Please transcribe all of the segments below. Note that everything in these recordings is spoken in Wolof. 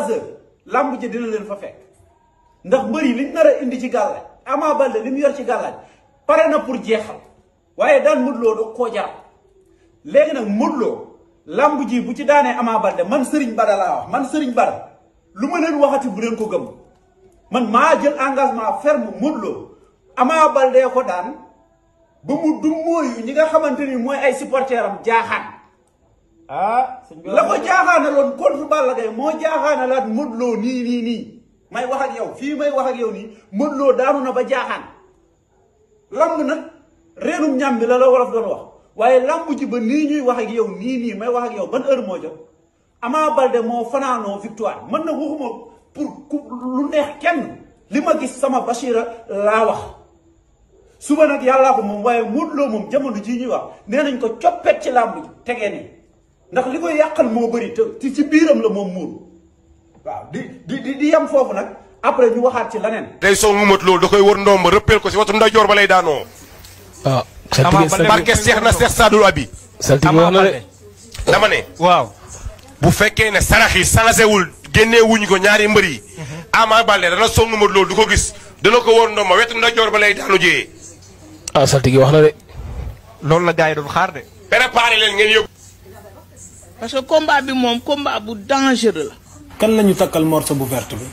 trois heures lamb ji dina leen fa fekk ndax mbër yi liñ nar a indi ci gàllaaj Ama Baldé li mu yor ci gàllaaj pare na pour jeexal waaye daan Modou Lo da koo jar léegi nag Modou Lo ji bu ci daanee Ama Baldé man sëriñ Bada laa wax man sëriñ Bada lu ma leen waxati bu leen ko gëm man maa jël engagement ferme Modou Lo Ama Baldé ko daan ba mu dummóoyu ñi nga xamante ni mooy ay supporteram jaaxaan ah la ko jaaxaanaloon contre Balla Gaye moo jaaxaanalaat Modou Lo nii nii nii may wax ak yow fii may wax ak yow nii Modou Lo daanu na ba jaaxaan lamb nag reenum ñam bi la la wolof doon wax waaye lamb ci ba nii ñuy wax ak yow nii nii may wax ak yow ban heure moo jot Ama Baldé moo fanaanoo victoire mën na waxuma pour ku kenn li ma gis sama Bachira euh, laa wax nag yàllaa ko moom waaye Modou Lo moom jamono jii ñuy wax nee nañ ko coppet ci làmb tegee nii ndax li koy yàqal moo bëri te ci biiram la moom muur waaw di di di yem foofu nag après ñu waxaat ci leneen. day soo mumat loolu da koy wër ndomba rëppeel ko si watu ndajoor ba lay daanoo. ah. barke seex na seex Sadul Abi. dama ne. waaw. bu fekkee ne sarax yi salasewul génnee wuñ ko ñaari mbër yi. Mhm. Ama Baldé dana song du ko gis dana ko wóor ndomba wetu ndajoor ba lay daanu jiyee. ah saltige wax na de. loolu la gars yi doon xaar de. préparé leen ngeen yóbbu. parce que combat bi moom komba bu dangereux la. kan la ñu takkal morceau bu verte bi.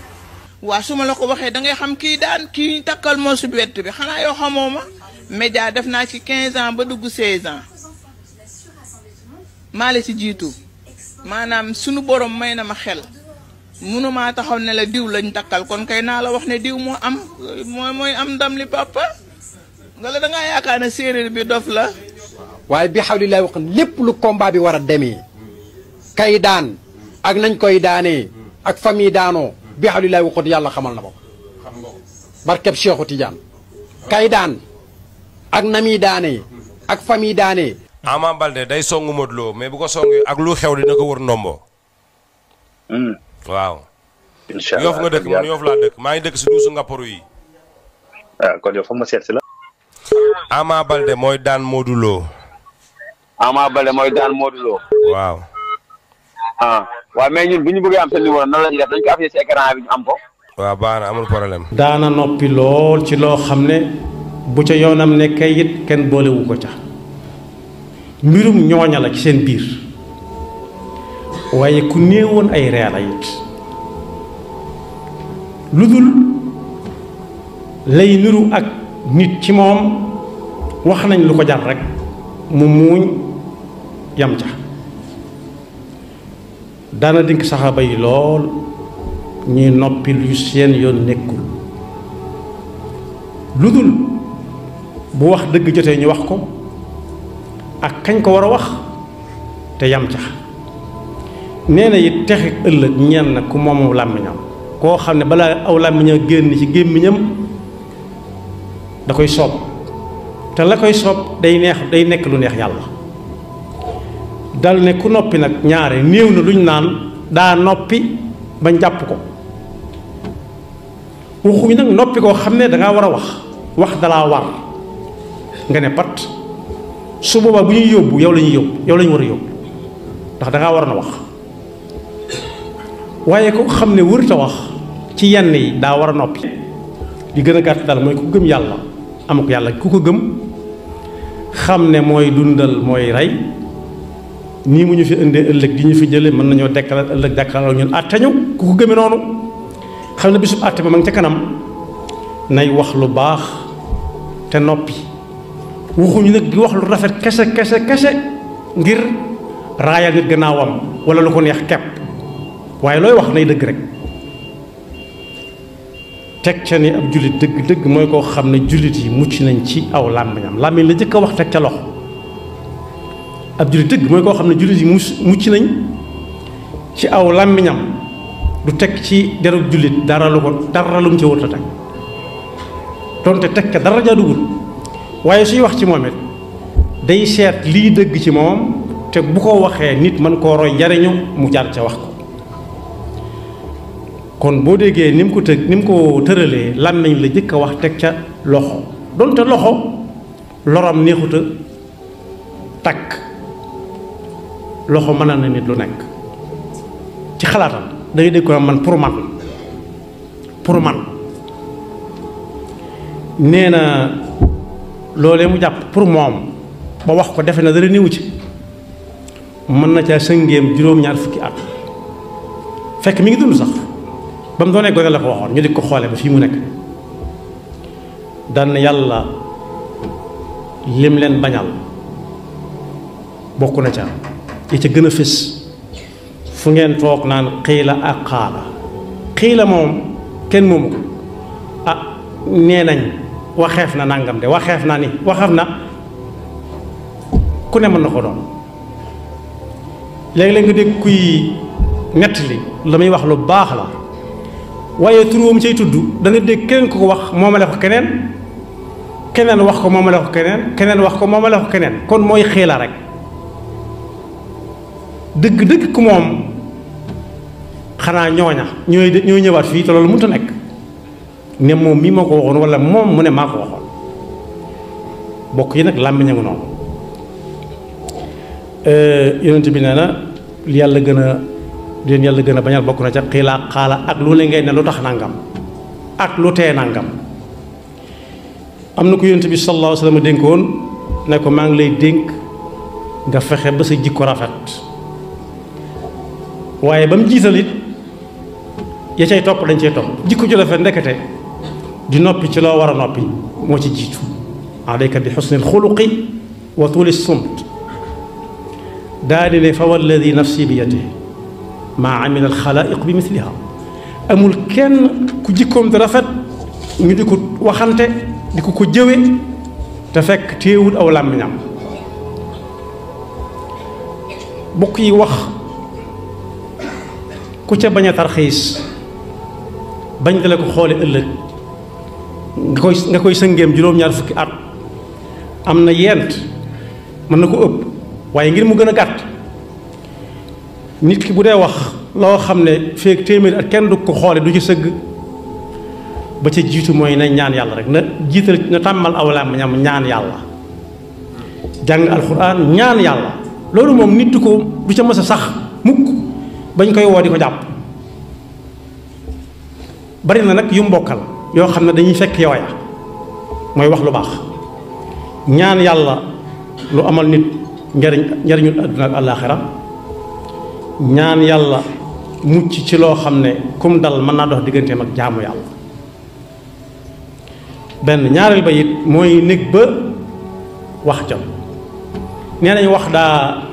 waa su ma la ko waxee da ngay xam kii daan kii ñu takkal morceau bu verte bi xanaa yoo xamoo ma. média def naa ci 15 ans ba dugg 16 ans maa la ci jiitu maanaam sunu borom may na ma xel mënumaa taxaw ne la diw lañ takkal kon kay naa la wax ne diw moo am mooy mooy am ndam li papa nga la da yaakaar ne séeréer bi dof la. waaye bi li lay wax lépp lu combat bi war a demee. kay daan ak nañ koy daanee ak famille daanoo bi xawlilaay waxut yàlla xamal na ko barkeb Seexu Tijaan kay daan ak nami daanee ak famille daanee Ama Baldé day songu Modou Lo mais bu ko songu ak lu xew dina ko wër ndombo hmm. waaw yoof nga dëkk man yoof laa dëkk maa dëkk si duusu ngapparu yi waaw ah, kon mooy daan Modou Lo Ama Baldé mooy daan Modou Lo waaw ah waaye mais ñun bu ñu bëggee am seen numéro nan la ñuy def dañ ko affiché si écran bi ñu am ko. waaw baax na amul problème. daana noppi lool ci loo xam ne bu ca yoonam ne it kenn boolewu ko ca mbirum ñooña la ci seen biir waaye ku néewoon ay reela it lu dul lay niru ak nit ci moom wax nañ lu ko jar rek mu muuñ yam ca. daana dénk saxaaba yi lool ñuy noppi lu seen yoon nekkul lu dul bu wax dëgg jotee ñu wax ko ak kañ ko war a wax te yam ca nee na it tex ëllëg ñeen na ku moomu làmmiñam koo xam ne balaa aw làmmiñam génn ci gémmiñam da koy soob te la koy soob day neex day nekk lu neex yàlla dal ne ku noppi nag ñaare néew na luñ naan daa noppi ba jàpp ko waxuñ nag noppi koo xam ne dangaa war a wax wax dalaa war nga ne pat su boobaa bu ñuy yóbbu yow la ñuy yóbbu yow la war a yóbbu ndax danga war a na wax waaye ko xam ne wërta wax ci yenn yi daa war a noppi li gën a gàtt daal mooy ku gëm yàlla am yàlla ku ko gëm xam ne mooy dundal mooy rey nii mu ñu fi indee ëllëg di ñu fi jëlee mën nañoo dekkal ëllëg dekkal ñun àtte ñu ku ko gëmee noonu xam ne bisub àtte ba ma ngi ca kanam nay wax lu baax te noppi waxuñu nag di wax lu rafet kese kese kese ngir raayal nit gannaawam wala lu ko neex kepp waaye looy wax nay dëgg rek teg ca ni ab jullit dëgg dëgg mooy koo xam ne jullit yi mucc nañ ci aw làmmiñam làmmiñ la jëkk a wax teg ca loxo ab jullit dëgg mooy koo xam ne jullit yi mucc nañ ci aw làmmiñam du teg ci deru jullit dara lu ko dara lu ci wër te teg donte teg ka dara jaa waaye suy wax ci moom it day seet lii dëgg ci moom te bu ko waxee nit mën koo roy jariñu mu jaar ca wax ko kon boo déggee ni ko tëg ni ko tëralee làmmiñ la jëkk a wax teg ca loxo donte loxo loram neexuta takk loxo mën na nit lu nekk ci xalaatam day ngay dégg ko man pour man pour man nee na loolee mu jàpp pour moom ba wax ko defe na dara néewu ci mën na caa sëngéem juróom-ñaar fukki at fekk mi ngi dund sax ba mu doonee gone la ko waxoon ñu di ko xoolee ba fii mu nekk dan na yàlla lim leen bañal bokk na ca yi ca gën a fës fu ngeen toog naan xiila ak xaala xiila moom kenn moomu ko ah nee nañ waxeef na nangam de waxeef na ni waxeef na ku ne mën na ko doon léeg-léeg nga dégg kuy nettali la muy wax lu baax la waaye tur woom cay tudd da nga dégg keneen ko wax moomale ko keneen keneen wax ko moomale ko keneen keneen wax ko moomale ko keneen kon mooy xiila rek dëgg-dëgg ku moom xanaa ñooña ñooy ñooy ñëwaat fii te loolu mënut a nekk ne moom mii moo ko waxoon wala moom mu ne maa ko waxoon bokk yi nag làmmiñ a ngi noonu euh, yonent bi nee na yàlla gën a leen yàlla gën a bañal bokk na ca xiilaa xaala ak lu ne lu tax nangam ak lu tee nangam am na ko yonent bi sallallahu alayhi dénkoon ne ko maa ngi lay dénk nga fexe ba sa jikko rafet waaye ba mu jiital it ya cay topp dañ cay topp jikko ju rafet ndekete di noppi ci loo war a noppi moo ci jiitu alayka bi xusnil xuluqi wa tuuli sumt daa di ne fa walladi nafsi bi yadihi maa amila alxalaayiq bi misliha amul kenn ku jikkoom di rafet ñu di ko waxante di ko ko jëwe te fekk téewul aw làmmiñam bokk yi wax ku ca bañ a tarxiis bañ dale ko xoole ëllëg nga koy nga koy sëngeem juróom-ñaar fukki at am na yent mën na ko ëpp waaye ngir mu gën a gàtt nit ki bu dee wax loo xam ne feeg téeméeri at kenn du ko xoole du ci sëgg ba ca jiitu mooy na ñaan yàlla rek na jiital na tàmmal aw làmmiñam ñaan yàlla jàng alxuraan ñaan yàlla loolu moom nit ko du ca mës a sax mukk bañ koy woo di ko jàpp bari na nag yu mbokkal yoo xam ne dañuy fekk yooya mooy wax lu baax ñaan yàlla lu amal nit njariñ njariñul àdduna ak àllaaxira ñaan yàlla mucc ci loo xam ne kum dal mën naa dox digganteem ak jaamu yàlla benn ñaareel ba it mooy néeg ba wax jot nee nañ wax daa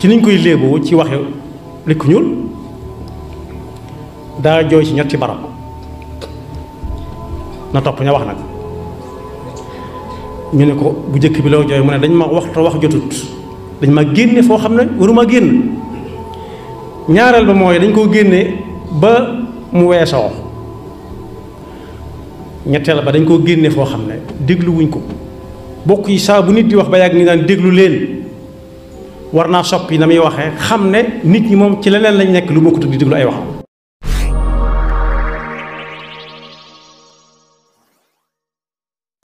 ci niñ koy léeboo ci waxe li ñuul daa jooy ci ñetti barab na topp ña wax nag ñu ne ko bu jëkk bi loo jooy mu ne dañ ma waxta wax jotut dañ ma génne foo xam ne waruma génn ñaareel ba mooy dañ koo génne ba mu weesoo ñetteel ba dañ koo génne foo xam ne dégluwuñ ko bokk yi saa nit di wax ba yàgg ni daan déglu leen war naa sopp yi na muy waxee xam ne nit ñi moom ci leneen lañu nekk lu bokkut di déglu ay waxam